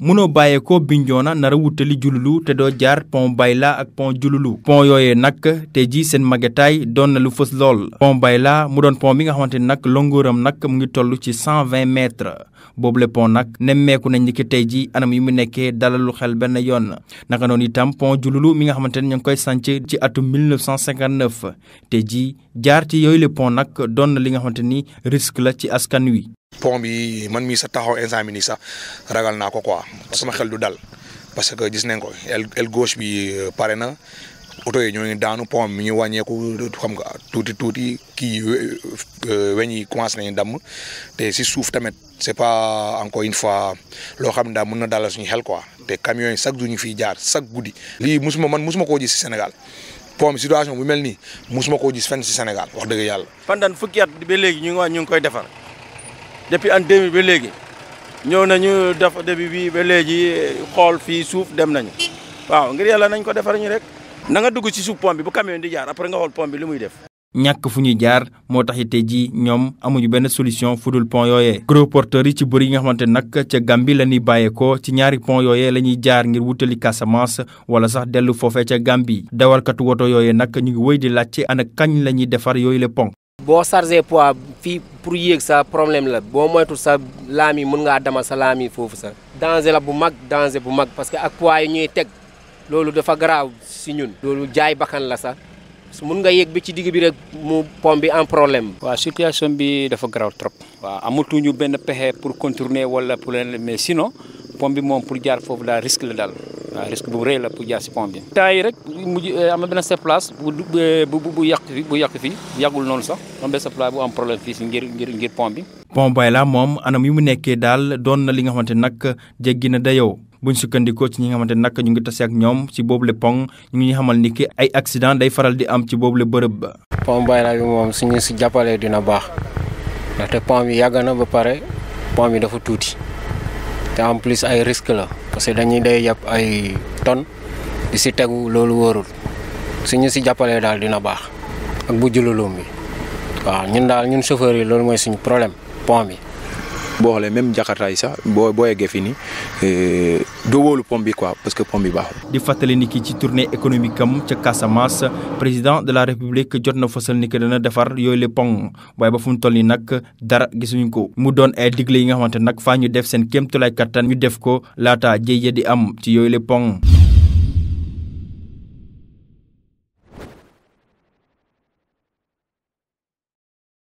mënoo bàyyeekoo Bignona nara wutali Diouloulou te doo jaar pont Bayla ak pont Diouloulou pont yooyee nag te ji seen magataay doon na lu fës lool. pont Bayla mu doon pont bi nga xamante ni nag longooram nag mu ngi toll ci cent vingt mètres boobule pont nag nemmeeku nañ ni ki tey jii anam yi mu nekkee dalalu xel benn yoon naka noon itam pont Diouloulou mi nga xamante ne ñu ngi koy sànc ci atum 1959 te ji jaar ci yooyu le pont nag doon na li nga xamante ni risque la ci askan wi. pont bi man mi sa taxaw instant mi ni sa ragal na ko quoi sama xel du dal parce que gis nañ ko el gauche bi euh, parena na auto yi ñoy daanu pont mi ñu ko xam nga touti touti ki euh, euh, weñ yi commencé nañu dam te ci souf tamet c'est pas encore une fois lo xam da mëna dal na suñu xel quoi té camion yi sax duñu fi jaar sax goudi li musuma man musuma ko gis si Sénégal pom situation bu mel musuma ko gis fenn si Sénégal wax dëgg yalla fan dan fukki at bi légui ñu ngi waa ñu ngi koy défar depuis en 2000 ba léegi ñëw nañu def début bi ba léegi xool fii suuf dem nañu waaw ngir yàlla nañ ko defar ñu rek na nga dugg ci suuf pont bi bu camion di jaar après nga xool pont bi li muy def. ñàkk fu ñuy jaar moo tax it ji ñoom amuñu benn solution fu pont yooyee. gros porteurs yi ci bër yi nga xamante nag ca Gambie la ñuy bàyyeekoo ci ñaari pont yooyee la ñuy jaar ngir wutali Casamance wala sax dellu foofee ca Gambie dawalkatu woto yooyee nag ñu ngi wéy di laajte ana kañ la ñuy defar yooyu le pont. boo chargé poids fii pour yéeg sa problème la boo moytu sa laam yi mën ngaa dama sa laam foofu sax danger la bu mag danger bu mag parce que ak poids yi ñuy teg loolu dafa garaaw si ñun loolu jaay bakkan la sax mun nga yéeg bi ci digg bi rek mu pom bi en problème waa situation bi dafa garaw trop waaw amatuñu benn pexe pour contourner wala pour leen mais sino pom bi moom pour jaar foofu daal risque la daal waaw risque bu rëy la pour jaar si pont bi. temps rek mujj euh, am na benn surplace euh, bu bu yàq fi bu yàq fi yàggul noonu sax am benn surplace bu am problème fii si ngir ngir ngir bi. pont bay la moom anam yu mu nekkee daal doon na li nga xamante nag jéggi na dayoo. buñ sukkandikoo ci ñi nga xamante nag ñu ngi tase ak ñoom ci boobule pont ñu ngi xamal ni ki ay accident day faral di am ci boobu la bërëb ba. pont bay la bi moom suñu si jàppalee dina baax ndaxte pont bi yàgg na ba pare pont bi dafa tuuti te en plus ay risque la. parce que dañuy day yàpp ay tonnes di si tegu loolu su ñu si jàppalee daal dina baax ak bu jululum bi waaw ñun daal ñun chauffeur yi loolu mooy suñu problème pont bi boo xoolee même jakarta sax boo boo yeggee fi ni euh, doo wóolu pom bi quoi parce que pom bi baaxul. di fàttali ni ki ci tournée économique am ca Casamance président de la république jot na fasal ni que dana defar yooyu le pont waaye ba fu mu toll nii nag dara gisuñu ko. mu doon ay digle yi nga xamante nag faa ñu def seen kéemtulaay kattan ñu def ko laata jéeya di am ci yooyu le pont.